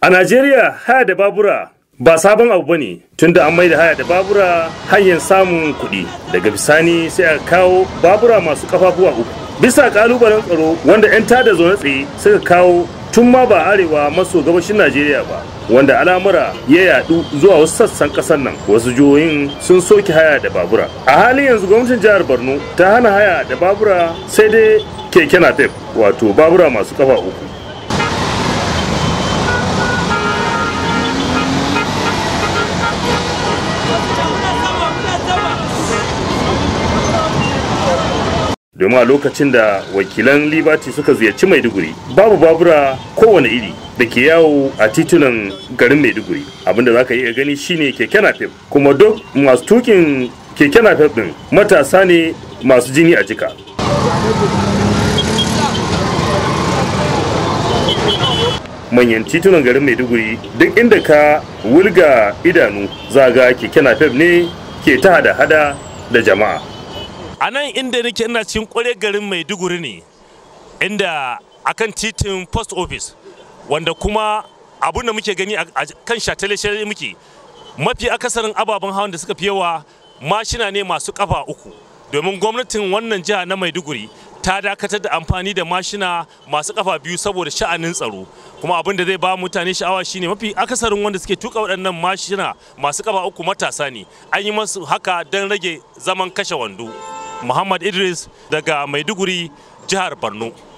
A Najeriya haya da babura ba sabon abu bane tunda an mai da haya da babura hanyar samun kuɗi daga bisani sai a kawo babura masu kafafuwa uku bisa kalubalen tsaro wanda 'yan tada zaune tsaye suka kawo tun ma ba arewa maso gabashin najeriya ba wanda al'amura ya yadu zuwa wasu sassan kasar nan wasu jihohin sun soke haya da babura a halin yanzu gwamnatin jihar borno ta hana haya da babura sai dai keke napep wato babura masu kafa uku domin a lokacin da wakilan libati suka ziyarci maiduguri babu babura kowane iri da ke yawo a titunan garin maiduguri abinda za ka iya gani shine keke napep kuma duk masu tukin keke napep din matasa ne masu jini a jika manyan titunan garin maiduguri duk inda ka wulga idanu za ga keke napep ne ke ta hada-hada da jama'a a nan inda nake ina cikin kware garin maiduguri ne inda akan titin post office wanda kuma abun da muke gani a kan shatale muke mafi akasarin ababen hawan da suka fi yawa mashina ne masu kafa uku domin gwamnatin wannan jiha na maiduguri ta dakatar da amfani da mashina masu kafa biyu saboda sha'anin tsaro kuma abin da zai ba mutane sha'awa shine mafi akasarin wanda suke tuka waɗannan mashina masu kafa uku matasa ne an yi masu haka don rage zaman kashe wando. Muhammad Idris daga Maiduguri jihar Borno.